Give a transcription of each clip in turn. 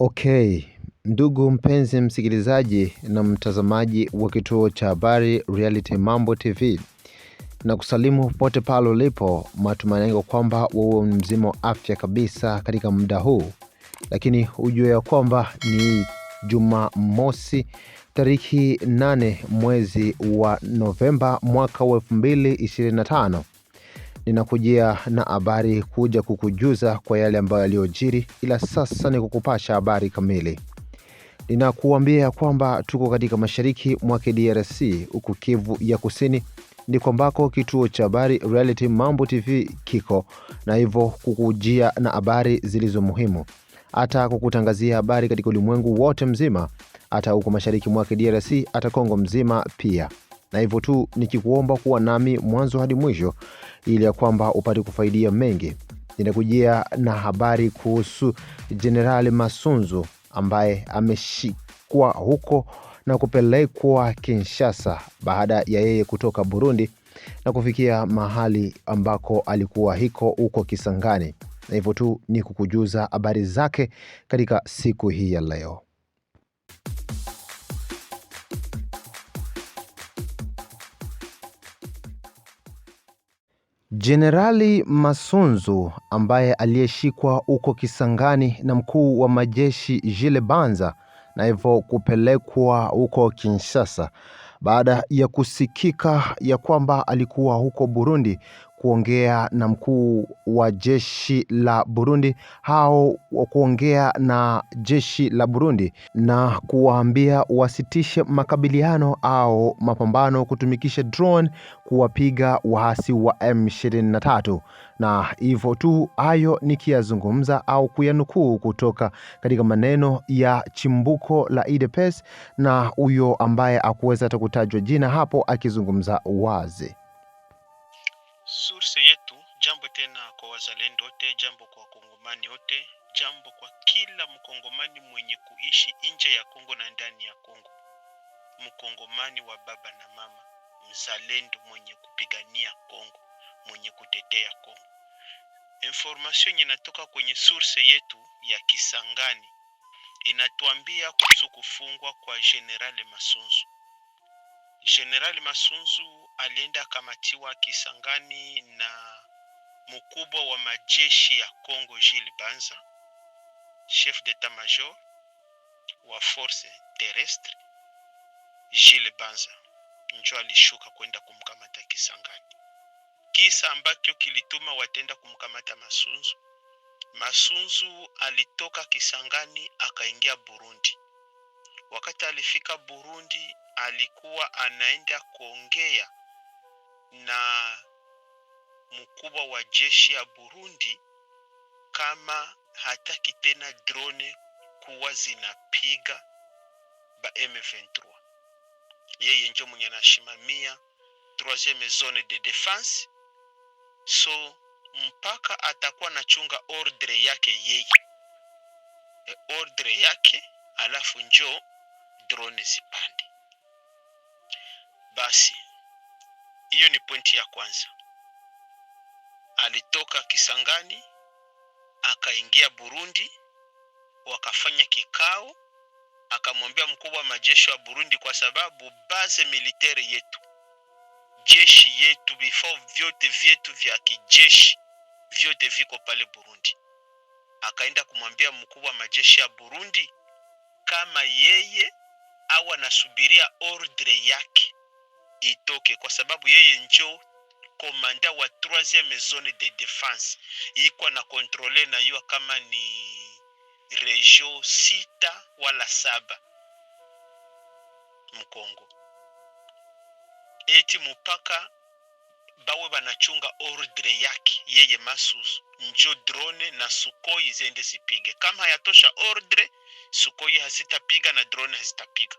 Okay, ndugu mpenzi msikilizaji na mtazamaji wa kituo cha habari Reality Mambo TV na kusalimu popote pale ulipo, matumaini yangu kwamba wewe mzima wa afya kabisa katika muda huu, lakini ujue ya kwamba ni Jumamosi tariki 8 mwezi wa Novemba mwaka wa 2025 ninakujia na habari kuja kukujuza kwa yale ambayo yaliyojiri, ila sasa ni kukupasha habari kamili. Ninakuambia kwamba tuko katika mashariki mwa DRC huku Kivu ya Kusini ni kwambako kituo cha habari Reality Mambo TV kiko na hivyo kukujia na habari zilizo muhimu, hata kukutangazia habari katika ulimwengu wote mzima, hata huko mashariki mwake DRC, hata Kongo mzima pia na hivyo tu nikikuomba kuwa nami mwanzo hadi mwisho, ili ya kwamba upate kufaidia mengi. inakujia na habari kuhusu Jenerali Masunzu ambaye ameshikwa huko na kupelekwa Kinshasa baada ya yeye kutoka Burundi na kufikia mahali ambako alikuwa hiko huko Kisangani, na hivyo tu ni kukujuza habari zake katika siku hii ya leo. Jenerali Masunzu ambaye aliyeshikwa huko Kisangani na mkuu wa majeshi Jile Banza na hivyo kupelekwa huko Kinshasa baada ya kusikika ya kwamba alikuwa huko Burundi kuongea na mkuu wa jeshi la Burundi au kuongea na jeshi la Burundi na kuwaambia wasitishe makabiliano au mapambano kutumikisha drone kuwapiga waasi wa M23. Na hivyo tu, hayo nikiyazungumza au kuyanukuu kutoka katika maneno ya chimbuko la UDPS e na huyo ambaye hakuweza hata kutajwa jina hapo akizungumza wazi. Source yetu. Jambo tena kwa wazalendo wote, jambo kwa wakongomani wote, jambo kwa kila mkongomani mwenye kuishi nje ya Kongo na ndani ya Kongo, mkongomani wa baba na mama, mzalendo mwenye kupigania Kongo, mwenye kutetea Kongo. Information inatoka kwenye source yetu ya Kisangani inatuambia kuhusu kufungwa kwa General Masunzu. Jenerali Masunzu alienda akamatiwa Kisangani na mkubwa wa majeshi ya Kongo Jules Banza, chef d'etat major wa force terrestre. Jules Banza njo alishuka kwenda kumkamata Kisangani, kisa ambacho kilituma watenda kumkamata Masunzu. Masunzu alitoka Kisangani akaingia Burundi Wakati alifika Burundi, alikuwa anaenda kuongea na mkubwa wa jeshi ya Burundi kama hataki tena drone kuwa zinapiga ba M23. Yeye njo mwenye anashimamia troisieme zone de defense, so mpaka atakuwa anachunga ordre yake yeye, e ordre yake, alafu njo drone zipande. Basi hiyo ni pointi ya kwanza. Alitoka Kisangani akaingia Burundi, wakafanya kikao, akamwambia mkubwa wa majeshi wa Burundi, kwa sababu base militaire yetu, jeshi yetu, vifaa vyote vyetu vya kijeshi vyote viko pale Burundi. Akaenda kumwambia mkubwa wa majeshi ya Burundi kama yeye au anasubiria ordre yake itoke, kwa sababu yeye njo komanda wa 3e zone de defense, iko na kontrole na yua kama ni regio sita wala saba Mkongo, eti mupaka bawe banachunga ordre yake yeye, masusu njo drone na sukoi zende zipige, kama hayatosha ordre Sukhoi hazitapiga na drone hazitapiga.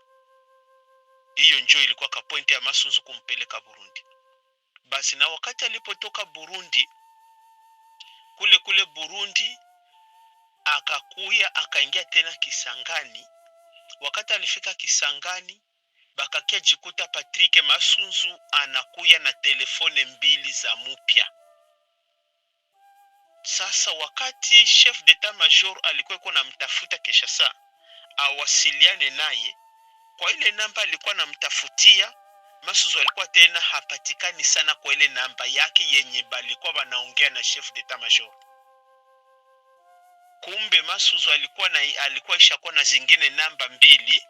Hiyo njoo ilikuwa kapointi ya Masunzu kumpeleka Burundi. Basi na wakati alipotoka Burundi, kule kule Burundi akakuya akaingia tena Kisangani. Wakati alifika Kisangani, bakakia jikuta Patrick Masunzu anakuya na telefone mbili za mupya sasa wakati chef d'etat major alikuwa iko namtafuta kesha saa awasiliane naye kwa ile namba alikuwa namtafutia, Masuzu alikuwa tena hapatikani sana kwa ile namba yake yenye balikuwa wanaongea na chef d'etat major. Kumbe Masuzu alikuwa na, alikuwa ishakuwa na zingine namba mbili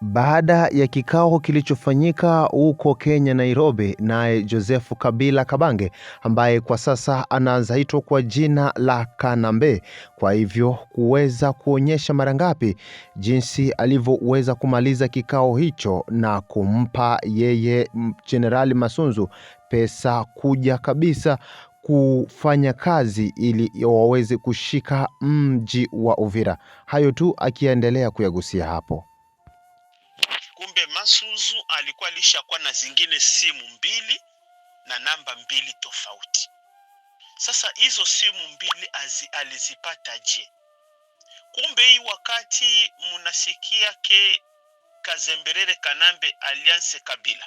baada ya kikao kilichofanyika huko Kenya Nairobi, naye Joseph Kabila Kabange ambaye kwa sasa anazaitwa kwa jina la Kanambe, kwa hivyo kuweza kuonyesha mara ngapi jinsi alivyoweza kumaliza kikao hicho na kumpa yeye Jenerali Masunzu pesa kuja kabisa kufanya kazi ili waweze kushika mji wa Uvira. Hayo tu akiendelea kuyagusia hapo. Kumbe Masuzu alikuwa alishakuwa na zingine simu mbili na namba mbili tofauti. Sasa hizo simu mbili alizipata je? Kumbe hii wakati munasikia ke Kazemberere Kanambe Alliance Kabila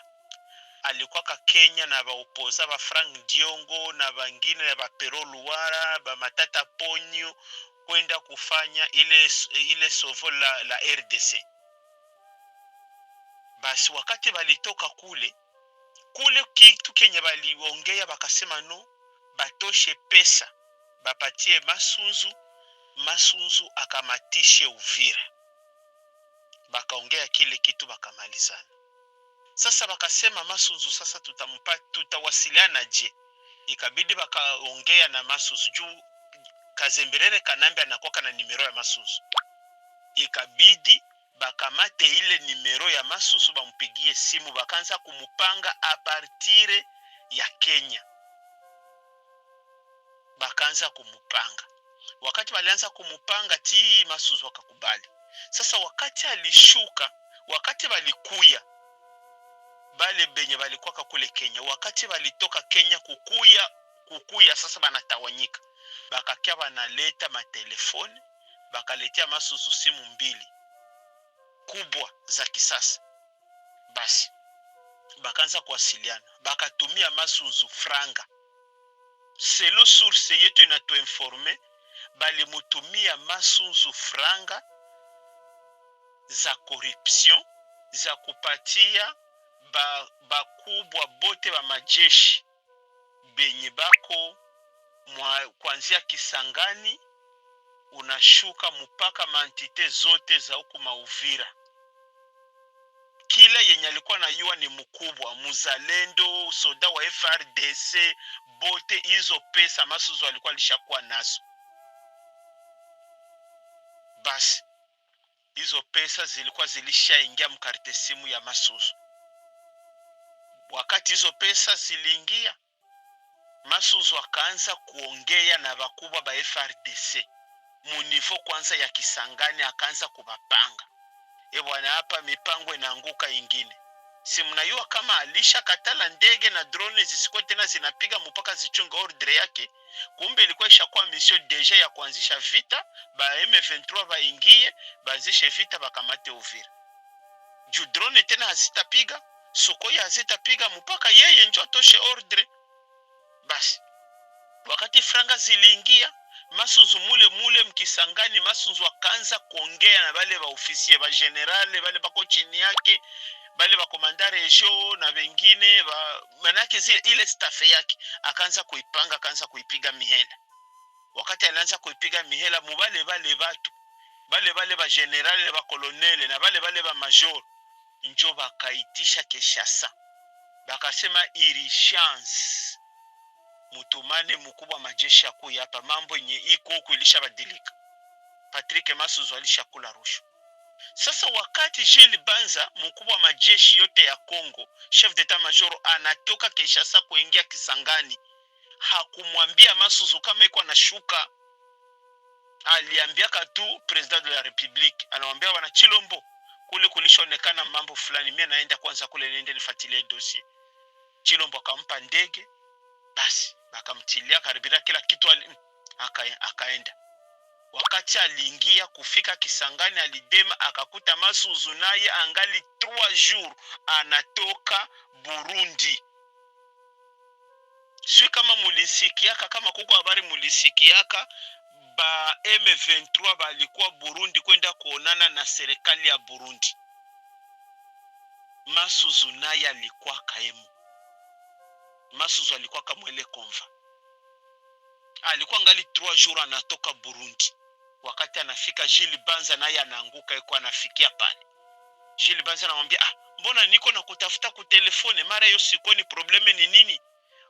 alikuwa ka Kenya na baopoza ba Frank Diongo na bangine ba Pero Luara ba Matata Ponyo kwenda kufanya ile, ile sovo la, la RDC. Basi wakati balitoka kule kule, kitu kenye baliongea bakasema no, batoshe pesa bapatie Masunzu, Masunzu akamatishe Uvira. Bakaongea kile kitu bakamalizana. Sasa wakasema Masunzu, sasa tutampa tutawasiliana je? Ikabidi wakaongea na Masunzu juu Kazemberere Kanambe anakoka na nimero ya Masunzu, ikabidi bakamate ile nimero ya Masusu bampigie simu, bakanza kumupanga apartire ya Kenya, bakanza kumupanga. Wakati walianza kumupanga ti Masusu wakakubali. Sasa wakati alishuka, wakati walikuya bale benye balikuwaka kule Kenya, wakati balitoka Kenya kukuya kukuya, sasa banatawanyika, bakakia banaleta matelefone, bakaletea masusu simu mbili kubwa za kisasa, basi bakaanza kuwasiliana, bakatumia masusu franga. Selo source yetu inatuinforme balimutumia masusu franga za corruption za kupatia bakubwa ba bote ba majeshi benye bako mwa kuanzia Kisangani unashuka mpaka mantite zote za huku Mauvira. Kila yenye alikuwa na yua ni mkubwa, muzalendo, soda wa FRDC, bote hizo pesa Masuzu alikuwa alishakuwa nazo. Basi hizo pesa zilikuwa zilishaingia mkarte simu ya Masuzu. Wakati hizo pesa ziliingia, Masuzu akaanza kuongea na bakubwa ba FRDC munivo kwanza ya Kisangani, akaanza kubapanga e bwana, hapa mipango inaanguka ingine. Si mnayua kama alisha katala ndege na drone zisikuwe tena zinapiga mpaka zichunga ordre yake. Kumbe ilikuwa ishakuwa mission deja ya kuanzisha vita, ba M23 baingie baanzishe vita bakamate Uvira, juu drone tena hazitapiga sokoi hazitapiga mpaka yeye njo atoshe ordre. Basi wakati franga ziliingia masunzu mule mule mkisangani, masunzu akaanza kuongea na bale baofisie bagenerale bale bako chini yake bale bakomanda regio na vengine ba... manake zile ile stafe yake akaanza kuipanga, akaanza kuipiga mihela. Wakati anaanza kuipiga mihela, mubale bale batu bale bale bagenerale bakolonele na bale bale bamajoro njo bakaitisha keshasa, bakasema ili shansi mutumane mkubwa majeshi ya hapa, mambo yenye iko huko ilishabadilika. Patrick Masuzu alishakula rushwa. Sasa wakati Jili Banza mkubwa wa majeshi yote ya Kongo, chef d'etat major, anatoka Kinshasa kuingia Kisangani, hakumwambia Masuzu kama iko anashuka, aliambiaka tu president de la republique, anawambia wana Chilombo kule kulishaonekana mambo fulani, mimi naenda kwanza kule, niende nifuatilie dossier. Chilombo akampa ndege, basi akamtilia karibira kila kitu, akaenda. Wakati aliingia kufika Kisangani, alidema akakuta Masuzu naye angali 3 jours anatoka Burundi. Swi kama mulisikiaka, kama kuko habari mulisikiaka ba M23 balikuwa Burundi kwenda kuonana na serikali ya Burundi. Masuzu naye alikuwa kaemu. Masuzu alikuwa kamwele konva, alikuwa ngali 3 jours anatoka Burundi. Wakati anafika Jili Banza naye anaanguka, yuko anafikia pale. Jili Banza anamwambia ah, mbona niko na kutafuta ku telefone mara hiyo sikoni, probleme ni nini?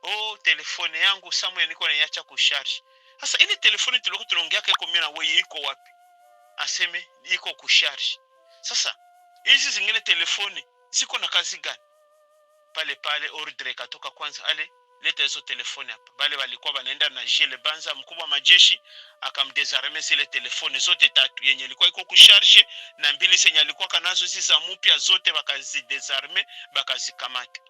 Oh, telefone yangu Samuel niko naiacha kusharge. Sasa ile telefoni tulikuwa tunaongea kwa mimi na wewe iko wapi? Aseme iko kusharge. Sasa hizi zingine telefoni ziko na kazi gani? Pale pale ordre katoka kwanza, ale leta hizo telefoni hapa. Bale walikuwa wanaenda na Jile Banza, mkubwa majeshi, akamdesarme zile telefoni zote tatu yenye ilikuwa iko kusharge na mbili zenye alikuwa kanazo, hizi za zote bakazidesarme, bakazikamata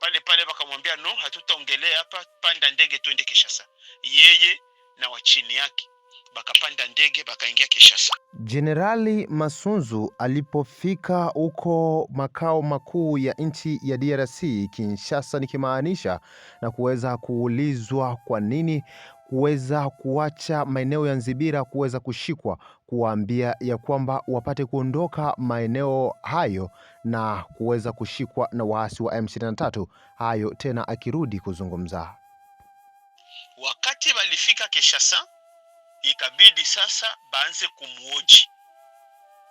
pale pale wakamwambia no, hatutaongelea hapa, panda ndege tuende Kishasa. Yeye na wa chini yake bakapanda ndege bakaingia Kishasa. Jenerali Masunzu alipofika huko makao makuu ya nchi ya DRC Kinshasa, nikimaanisha na kuweza kuulizwa kwa nini kuweza kuacha maeneo ya Nzibira kuweza kushikwa, kuwaambia ya kwamba wapate kuondoka maeneo hayo na kuweza kushikwa na waasi wa M23. Hayo tena akirudi kuzungumza wakati walifika Kishasa, ikabidi sasa baanze kumwoji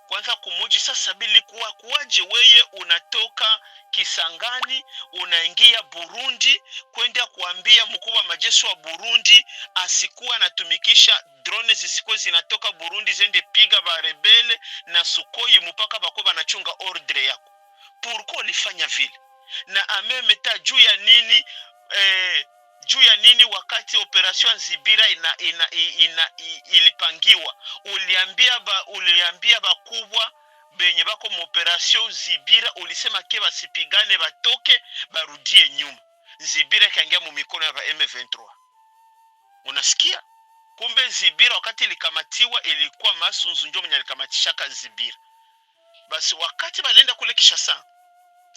kwanza kumuji sasa, kuwa kuwaje? Weye unatoka Kisangani unaingia Burundi kwenda kuambia mkuu wa majeshi wa Burundi asikuwa anatumikisha drone zisikuwa zinatoka Burundi zende piga rebele na sukoi mpaka bako banachunga ordre yako, pourquoi ulifanya vile? Na amemeta juu ya nini eh, juu ya nini? Wakati operation Zibira ina, ina, ina, ina, ilipangiwa uliambia ba, uliambia bakubwa benye bako moperation Zibira, ulisema ke basipigane batoke barudie nyuma. Zibira ikaingia mu mikono ya ba M23. Unasikia? Kumbe Zibira wakati ilikamatiwa ilikuwa Masunzu ndio mwenye alikamatisha Zibira. Basi wakati balienda kule Kishasa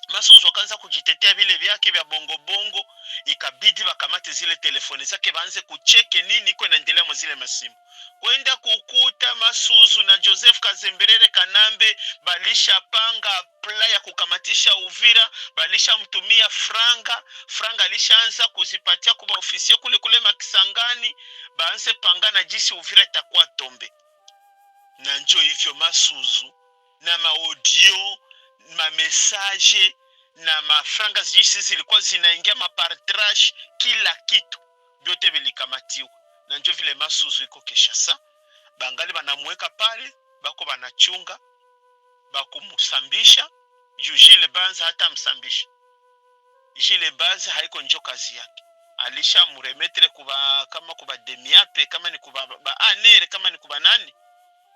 masuzu wakaanza kujitetea vile vyake vya bongo bongo, ikabidi wakamate zile telefoni zake baanze kucheke nini iko inaendelea mwa zile masimu. Kwenda kukuta Masuzu na Joseph Kazemberere Kanambe balishapanga pla ya kukamatisha Uvira, balishamtumia franga franga, alishaanza kuzipatia kwa maofisi kule kule Makisangani, baanze panga na jisi Uvira itakuwa tombe na njo hivyo Masuzu na maodio mamesaje na mafranga sijui si zilikuwa zinaingia mapartrage kila kitu vyote vilikamatiwa, na njo vile masuzu iko Kinshasa, bangali banamweka pale, bako banachunga bakumusambisha juu Jile Banza hata msambisha Jile Banza haiko njo kazi yake, alisha muremetre kuba kama kuba demiape kama ni kuba ba anere kama ni kuba nani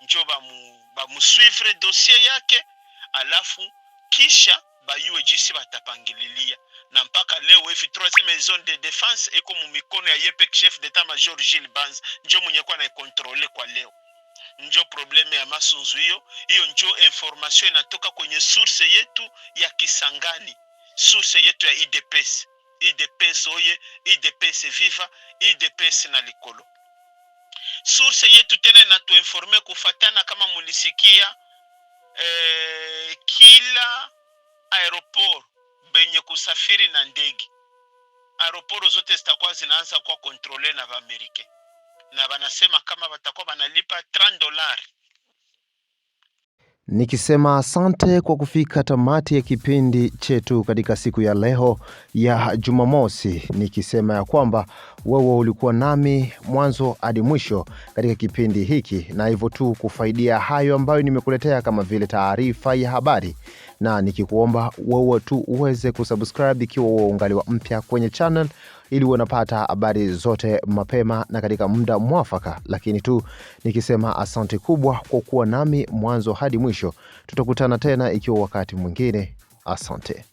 njo bamu bamuswivre dossier yake alafu kisha bayue jisi batapangililia na mpaka leo hivi troisieme zone de defense iko mu mikono ya yepek chef d'etat major Gilles Banz njo mwenye kwa kontrole kwa leo njo probleme ya masunzu hiyo hiyo njo information inatoka kwenye source yetu ya Kisangani source yetu ya IDPS IDPS oye IDPS viva IDPS na likolo source yetu tena inatuinforme kufatana kama mulisikia eh, kila aeroport benye kusafiri na ndege aeroporo zote zitakuwa zinaanza kuwa kontrole na Waamerika, na banasema kama batakuwa banalipa 30 dolari nikisema asante kwa kufika tamati ya kipindi chetu katika siku ya leo ya Jumamosi, nikisema ya kwamba wewe ulikuwa nami mwanzo hadi mwisho katika kipindi hiki, na hivyo tu kufaidia hayo ambayo nimekuletea kama vile taarifa ya habari, na nikikuomba wewe tu uweze kusubscribe ikiwa wewe ungaliwa mpya kwenye channel ili wanapata habari zote mapema na katika muda mwafaka, lakini tu nikisema asante kubwa kwa kuwa nami mwanzo hadi mwisho. Tutakutana tena ikiwa wakati mwingine. Asante.